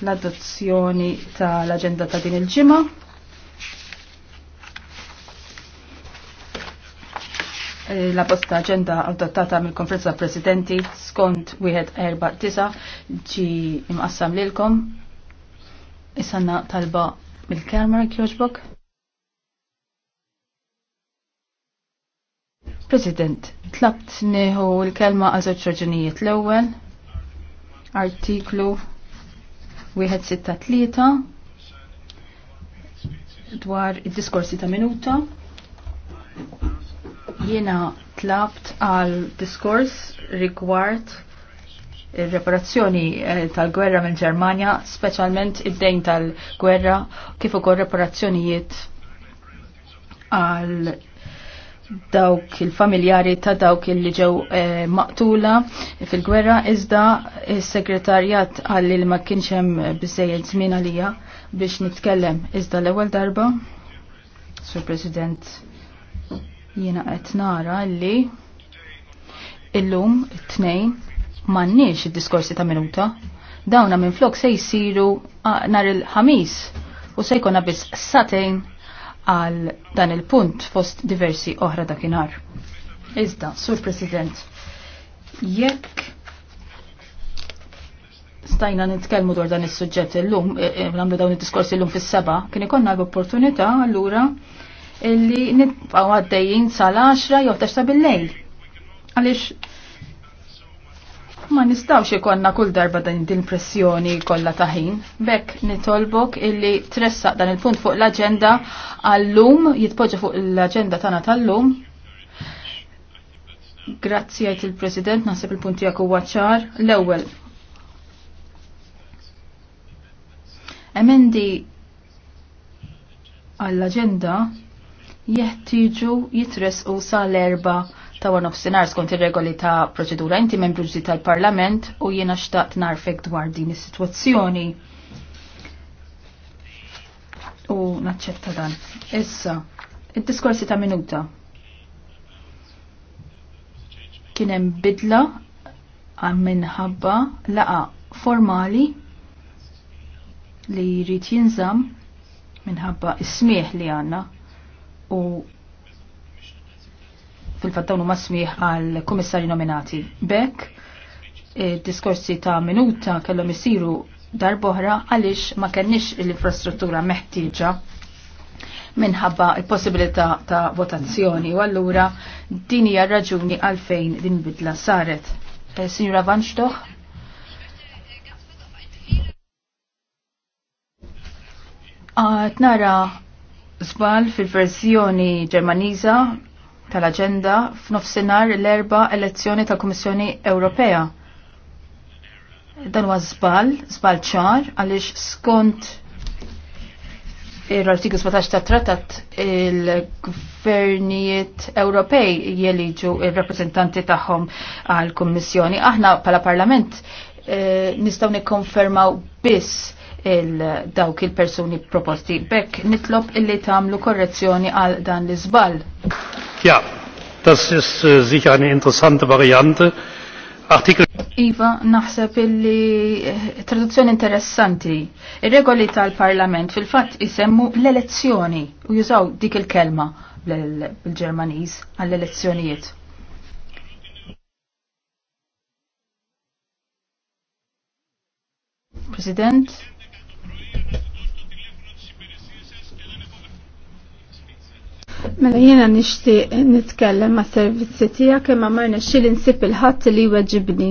l-adozzjoni tal-agenda ta' din il-ġimgħa. Eh, la posta agenda adottata mill-Konferenza Presidenti skont wieħed erba' tisa' ġi imqassam lilkom. Isanna talba mill-Kamera Kjoġbok. President, tlabt neħu l-kelma għal żewġ raġunijiet l-ewwel artiklu 163 dwar id-diskorsi ta' minuta. Jiena tlabt għal diskors rigward il-reparazzjoni eh, tal-gwerra mill ġermanja specialment id-dejn tal-gwerra, kif ukoll reparazzjonijiet għal dawk il-familjari ta' dawk il-li ġew eh, maqtula fil-gwerra iżda il-segretarjat għalli li ma kienx hemm biżejjed żmien għalija biex nitkellem iżda l-ewwel darba Sur President jiena qed nara li illum it-tnejn m'għandniex id-diskorsi ta' minuta dawna minn flok se jsiru ah, nar il-ħamis u se jkun biss satejn għal dan il-punt fost diversi oħra dakinhar. Iżda, Sur President, jekk stajna nitkellmu dwar dan is-suġġett illum, e, e, nagħmlu dawn id-diskorsi illum fis-seba, kien ikollna l-opportunità allura illi nibqgħu għaddejjin sal-10 jew ta' bil-lejl. Għaliex Ma nistawx ikonna kull darba dan din-pressjoni kollha ta' ħin. Bekk nitolbok illi tressaq dan il-punt fuq l-aġenda għallum, jitpoġġa fuq l-aġenda tagħna tal-lum. Grazzi għajt il-President, naħseb il-punti għak huwa ċar. L-ewwel. Emendi għall-aġenda jeħtieġu jitresqu sal-erba' ta' war nofsinhar skont ir-regoli ta' proċedura inti membru ġdid tal-Parlament u jiena xtaqt narfek dwar din is-sitwazzjoni. U naċċetta dan. Issa, id-diskorsi ta' minuta. Kien hemm bidla għal minħabba laqa formali li jrid jinżam minħabba ismieħ li għandna u fil-fattawnu masmiħ għal komissari nominati. Bek, diskorsi ta' minuta kellhom isiru darboħra għaliex ma kenniex l-infrastruttura meħtieġa minħabba il-possibilità ta' votazzjoni u allura din hija raġuni għalfejn din bidla saret. Eh, Signora Van Stoch? Tnara zbal fil-verzjoni ġermaniza tal-agenda f'nofsinhar l-erba elezzjoni tal-Kummissjoni Ewropea. Dan huwa żball, żball ċar għaliex skont l-artiklu 17 ta' trattat il-gvernijiet Ewropej jeliġu il-rappresentanti tagħhom għal-Kummissjoni. Aħna pala Parlament eh, nistgħu nikkonfermaw biss il-dawk il-persuni proposti. Bekk nitlob illi tagħmlu korrezzjoni għal dan l-iżball. Ja, das ist äh, sicher eine interessante Variante. Artikel Iva, naħseb illi eh, traduzzjoni interessanti. Ir-regoli tal-Parlament fil-fatt isemmu l-elezzjoni u jużaw dik il-kelma bil-Ġermaniż għall-elezzjonijiet. President, Mela jiena nixtieq nitkellem ma' servizzi tiegħek imma ma xil insib il-ħadd li weġibni.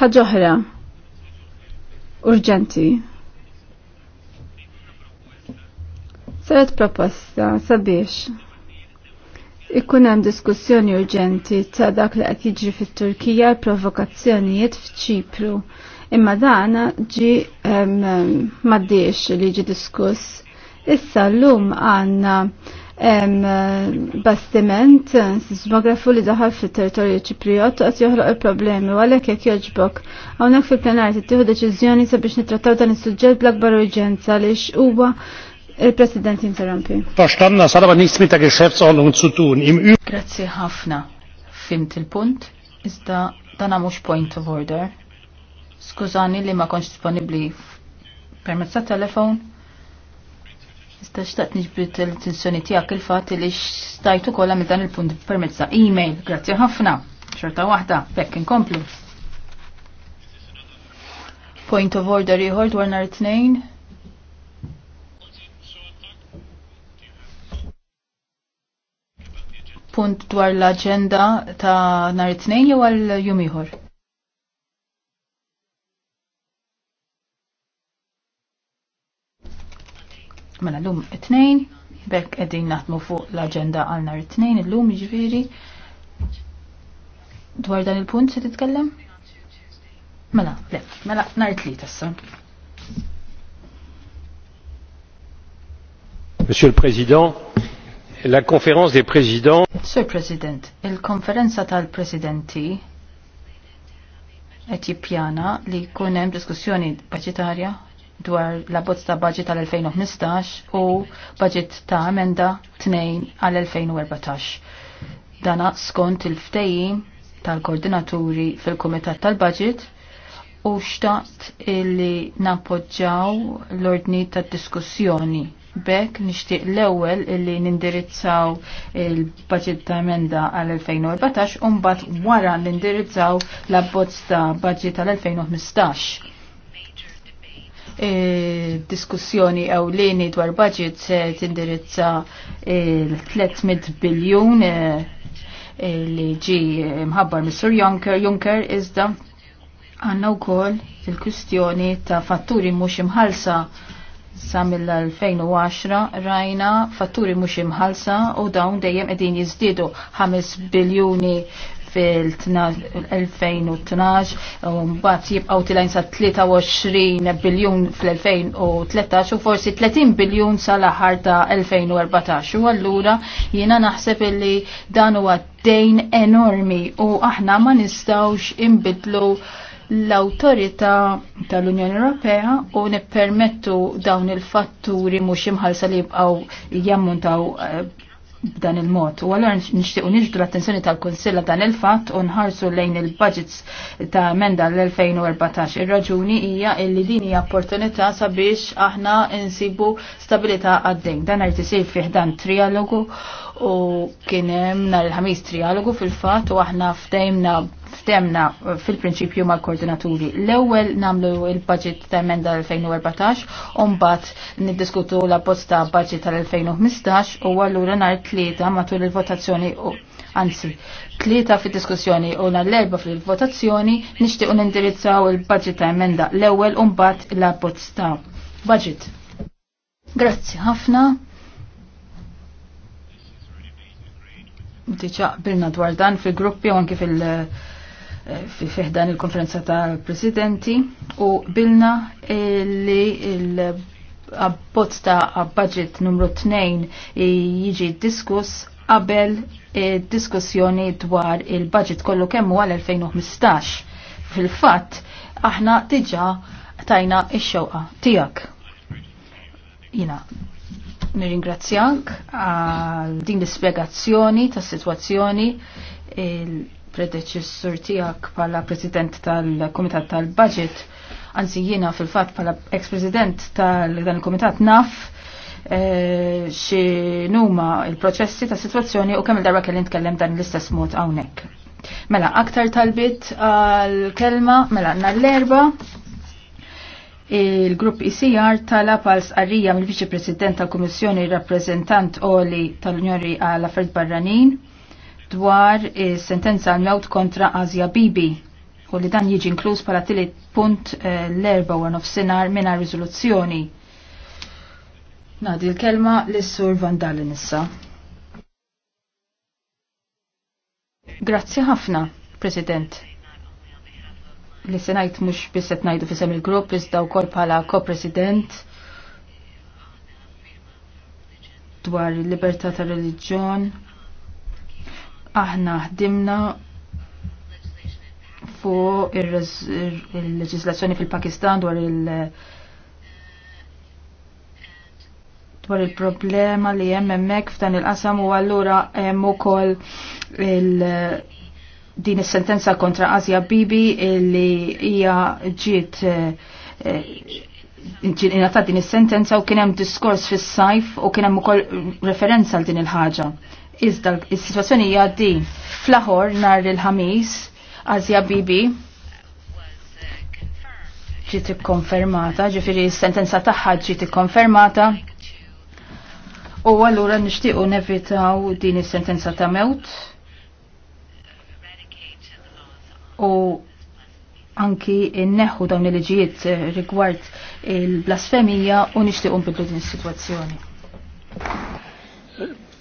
Ħaġa oħra. Urġenti. Saret proposta sabiex. Ikun hemm diskussjoni urġenti ta' dak li qed jiġri fit-Turkija provokazzjonijiet f'Ċipru. Imma dan ġi maddiex li ġi diskuss. Issa llum għandna bastiment, sismografu li daħal fit territorju ċipriot għat joħloq il-problemi u għalek jek joġbok. Għonek fil-plenar tittieħu deċizjoni sabiex nitrattaw dan is-suġġett bl-akbar urġenza li huwa il-President interrompi. Verstanden, saraba nismi ta' der Geschäftsordnung zu tun. Grazie ħafna. Fimt il-punt, iżda dan għamux point of order. Skużani li ma konx disponibbli permezz ta' telefon Iżda xtaqt nġbit l-attenzjoni tiegħek il-fatt li xtajtu kolla minn dan il-punt permezza. E-mail, Grazzi ħafna. Xorta waħda, bekk inkomplu. Point of order ieħor dwar nhar tnejn. Punt dwar l agenda ta' nhar it-tnejn jew għal jum ieħor. Mela l-lum it-tnejn, bekk edin naħdmu fuq l-agenda għal nar it-tnejn, l-lum ġviri. Jiġifieri. Dwar dan il-punt se titkellem? Mela, le, mela nar it-tliet issa. Monsieur le Président, la conférence des présidents. Sir President, il-konferenza tal-presidenti qed jippjana li jkun hemm diskussjoni budgetarja dwar la bozz ta' budget tal-2015 u budget ta' emenda 2 għal-2014. Dana skont il ftejjim tal-koordinaturi fil-Kumitat tal-Budget u xtaqt illi napoġġaw l-ordni ta' diskussjoni. Bek nixtieq l-ewwel illi nindirizzaw il-budget ta' emenda għal-2014 u mbagħad wara nindirizzaw l-abbozz ta' budget tal-2015 diskussjoni lini dwar budget se tindirizza il-300 biljun eh, li ġi mħabbar Mr. Juncker. Juncker iżda għanna wkoll il-kustjoni ta' fatturi mhux imħalsa sa mill-2010 rajna fatturi mhux imħalsa u dawn dejjem qegħdin jiżdiedu 5 biljuni fil-2012 u mbagħad jibqgħu tilajn sa 23 biljun fl-2013 u forsi 30 biljun sal-aħħar ta' 2014 u allura jiena naħseb illi dan huwa dejn enormi u aħna ma nistgħux inbidlu l autorita tal-Unjoni Ewropea u nippermettu dawn il-fatturi mhux imħalsa li jibqgħu jammuntaw eh, b'dan il-mod. U nishtiq u nġdu l-attenzjoni tal-Konsilla dan il-fat u nħarsu lejn il-budgets ta' menda l-2014. Ir-raġuni hija illi din hija opportunità sabiex aħna insibu stabilità għaddejn. Dan għajt isir fih dan trialogu u kien hemm nhar il-ħamis trialogu fil-fatt u aħna fdejmna stemna fil-prinċipju mal-koordinaturi. L-ewwel namlu il-budget ta' emenda 2014, umbat niddiskutu la posta budget tal-2015 u għallura nar tlieta matul il-votazzjoni u anzi, tlieta fi diskussjoni u nar l-erba fil-votazzjoni nixtiequ nindirizzaw il-budget ta' emenda l-ewwel umbat la posta budget. Grazzi ħafna. Diċa bilna dwar dan fil-gruppi u anki fil- fiħdan il-konferenza ta' presidenti u bilna li il-abbozz ta' budget numru 2 jiġi diskuss qabel diskussjoni dwar il-budget kollu kemmu għal 2015. Fil-fatt, aħna diġa tajna ix-xewqa tiegħek. Jina, nirringrazzjank għal din l-ispjegazzjoni tas-sitwazzjoni predeċessur tiegħek bħala president tal-Kumitat tal-Budget, anzi jiena fil-fatt bħala ex-president tal-Kumitat naf eh, xie numa il-proċessi ta' situazzjoni u kemm il-darba kelli nitkellem dan l-istess mod hawnhekk. Mela, aktar talbit għal-kelma, mela, nall-erba, il-grupp ICR e talab għal sqarrija mill-Viċi President tal-Kummissjoni rappreżentant Oli tal-Unjoni għal affarijiet Barranin dwar is-sentenza l-mewt kontra Azja Bibi u li dan jiġi inkluż pala tili punt eh, l 4 of sinar minna rizoluzzjoni. Nadi l-kelma l-sur Vandali nissa. Grazzi ħafna, President. Li senajt mux biset najdu fisem il-grupp, iżda u kol pala ko-president dwar il-libertà ta' religjon Aħna ħdimna fuq il-leġislazzjoni fil-Pakistan dwar il- dwar il-problema li hemm hemmhekk f'dan il-qasam u allura hemm ukoll il- din is-sentenza kontra Asja Bibi li hija eh, ġiet ingħatat din is-sentenza u kien hemm diskors fis-sajf u kien hemm ukoll referenza għal din il-ħaġa. Iżda is-sitwazzjoni hija din fl-aħor nhar il-ħamis Azja Bibi ġiet ikkonfermata, ġifieri s-sentenza tagħha ġiet ikkonfermata. U allura nixtiequ nevitaw din is-sentenza ta' mewt. U anki inneħu dawn il-liġijiet rigward il-blasfemija u nixtiequ nbidlu din is-sitwazzjoni.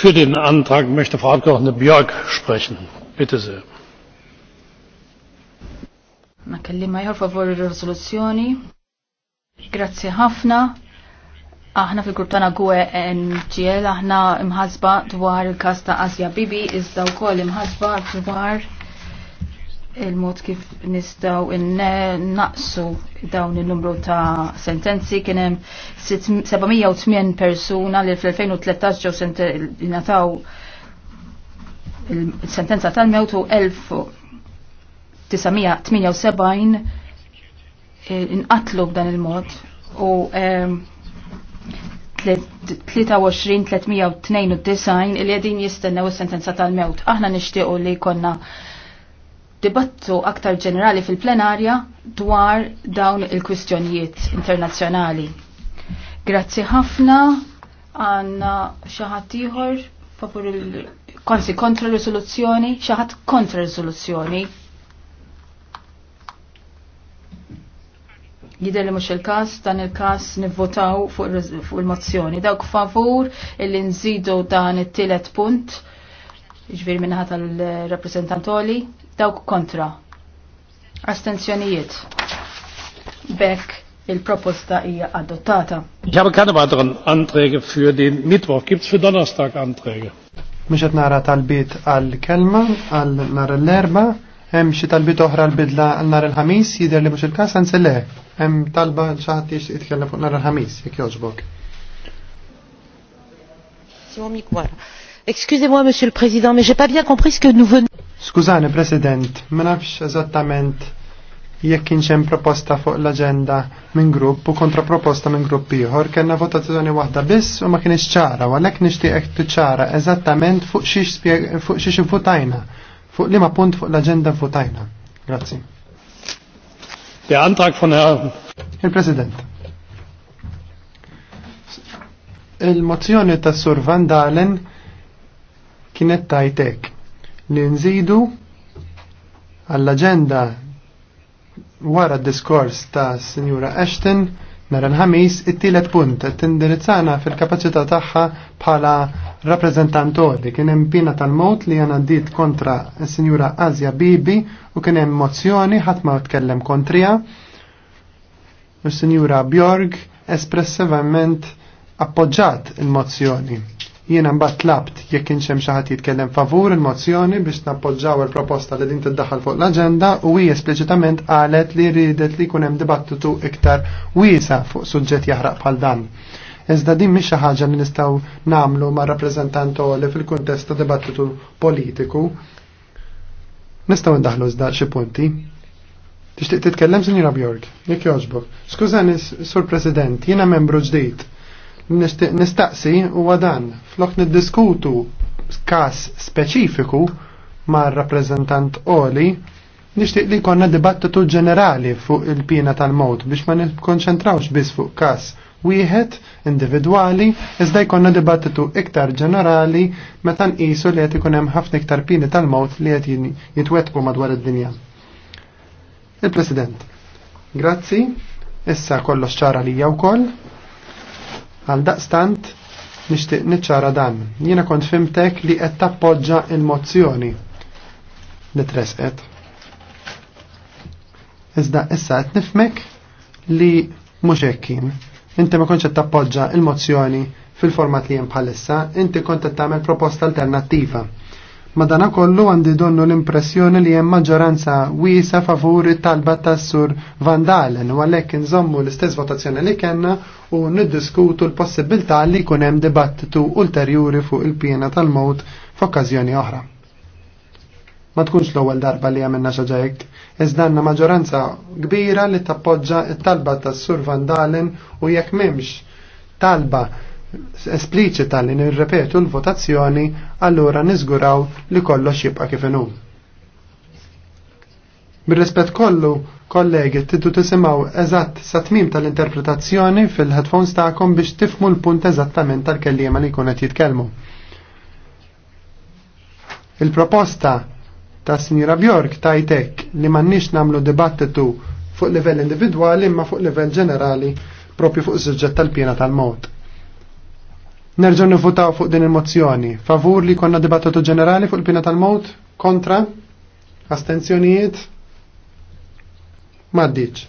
Für den Antrag möchte Frau Abgeordnete Björk sprechen. Bitte sehr. Nakellima jħor favori risoluzzjoni. Grazzi ħafna. Aħna fil-grupp tagħna Gwe NGL aħna imħasba dwar il-każ ta' Asja Bibi iżda wkoll imħasba dwar il-mod kif nistaw naqsu dawn il-numru ta' sentenzi kienem 708 persuna li fl-2013 ġew nataw il-sentenza tal-mewt u 1978 inqatlu b'dan il-mod u 23-392 ehm, il-li jistennew il-sentenza tal-mewt. Aħna nishtiqu li konna dibattu aktar ġenerali fil-plenarja dwar dawn il-kwistjonijiet internazzjonali. Grazzi ħafna għanna xaħat iħor favur il konsi kontra risoluzzjoni, xaħat kontra risoluzzjoni. Jider li mux il-kas, dan il-kas nivvotaw fuq il-mozzjoni. Dawk favur il-li nżidu dan it-tielet punt, ġviri jiġifieri minnaħat tal-rappresentantoli dawk kontra. Astenzjonijiet. Bekk il-proposta hija adottata. Ich habe keine weiteren Anträge für den Mittwoch. Gibt's für Donnerstag Anträge? Mhux qed nara talbiet għal kelma għal nhar l-erba, hemm xi talbiet oħra l bidla għal nhar il-ħamis jidher li mhux il-każ anselleh. Hemm talba l xi ħadd jitkellem fuq nhar il-ħamis, jekk jogħġbok. Excusez-moi, Monsieur le Président, mais j'ai pas bien compris ce que nous venons. Skużani, President, ma nafx eżattament jekk kien hemm proposta fuq l agenda minn grupp u kontra proposta minn grupp ieħor, kellna votazzjoni waħda biss u ma kienx ċara, u għalhekk nixtieqek tiċċara eżattament fuq xiex fuq votajna, fuq liema punt fuq l-aġenda votajna. Grazzi. Der Antrag von Herrn Herr president Il-mozzjoni tas Sur Van Dalen kienet tajtek li nżidu għall-agenda wara d-diskors ta' Sinjura Ashton nara l ħamis it-tielet punt qed tindirizzana fil-kapaċità tagħha bħala rappreżentantori kien hemm pina tal mod li għana dit kontra s-Sinjura Azja Bibi u kien hemm mozzjoni ħadd ma tkellem kontrija u s-Sinjura Bjorg espressivament appoġġat il-mozzjoni Jiena mbagħad tlabt jekk hemm xi ħadd jitkellem favur il-mozzjoni biex nappoġġaw il-proposta li din tiddaħħal fuq l-aġenda u hi esplicitament qalet li ridet li jkun hemm dibattitu iktar wiesa fuq suġġett jaħraq bħal dan. Iżda din mhix xi ħaġa li nistgħu nagħmlu ma' rappreżentant li fil-kuntest ta' dibattitu politiku. Nistgħu ndaħlu iżda xi punti. Tixtieq titkellem, Sinjura Bjork, jekk jogħġbok. Skużani, Sur President, jiena membru ġdid nistaqsi u għadan flok niddiskutu kas speċifiku ma' rappresentant Oli nishtiq li konna dibattitu ġenerali fuq il-pina tal-mod biex ma nikonċentrawx biss fuq kas wieħed individwali iżda jkollna dibattitu iktar ġenerali meta nqisu li qed ikun hemm ħafna iktar pini tal-mod li qed jitwettqu madwar id-dinja. Il-President, grazzi, issa kollox ċara lija wkoll. Għal daqstant nixtieq niċċara dan. Jiena kont fimtek li qed tappoġġa il-mozzjoni li tresqet. Iżda issa qed nifmek li mhux hekk kien. Inti ma kontx qed tappoġġa il-mozzjoni fil-format li hemm bħalissa, inti kont qed tagħmel proposta alternattiva. Madana kollu għandi donnu l-impressjoni li hemm maġġoranza wiesa favur it-talba tas-sur Van Dalen u għalhekk inżommu l-istess votazzjoni li kellna u niddiskutu l-possibilità li jkun hemm dibattitu ulterjuri fuq il-pjena tal mod f'okkażjoni oħra. Ma tkunx l-ewwel darba li għamilna xi ġejk, iżda għandna maġġoranza kbira li tappoġġa t-talba tas-sur Van Dalen u jekk m'hemmx talba espliċita li nirrepetu l-votazzjoni, allura niżguraw li kollox jibqa' kif inhu. Bir-rispett kollu, kollegi, tiddu tisimgħu eżatt sa tmim tal-interpretazzjoni fil-headphones tagħkom biex tifmu l-punt eżattament tal-kelliema li jkun qed jitkellmu. Il-proposta ta' Sinjura Bjork tajtek li m'għandniex nagħmlu dibattitu fuq livell individwali imma fuq livell ġenerali propju fuq suġġett tal-pjena tal-mod. Nerġgħu nifutaw fuq din il-mozzjoni. Favur li konna dibattitu ġenerali fuq il-pina tal-mowt? Kontra? Astenzjonijiet? Maddiċ.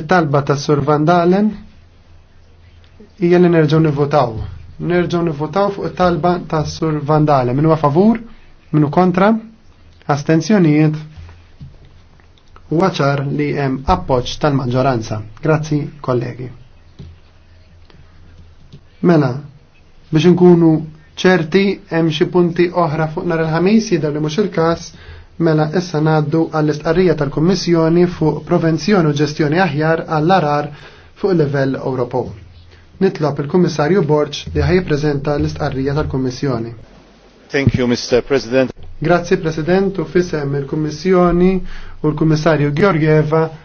It-talba tas Sur Van Dalen li nerġgħu nifutaw. Nerġgħu nifutaw fuq it-talba tas Sur Van Dalen. Minu favur? Minu kontra? Astenzjonijiet? Waċar li hemm appoġġ tal-maġġoranza. Grazzi, kollegi. Mela, biex inkunu ċerti hemm xi punti oħra fuq nar il-ħamis jidher li mhux il-każ, mela issa ngħaddu għall-istqarrija tal-Kummissjoni fuq Provenzjoni u Ġestjoni Aħjar għall-arar fuq il-livell Ewropew. Nitlob il-Kummissarju Borġ li ħajjippreżenta l-istqarrija tal-Kummissjoni. Thank you, Mr. President. Grazie President u fisem il-Kummissjoni u l-Kummissarju Georgieva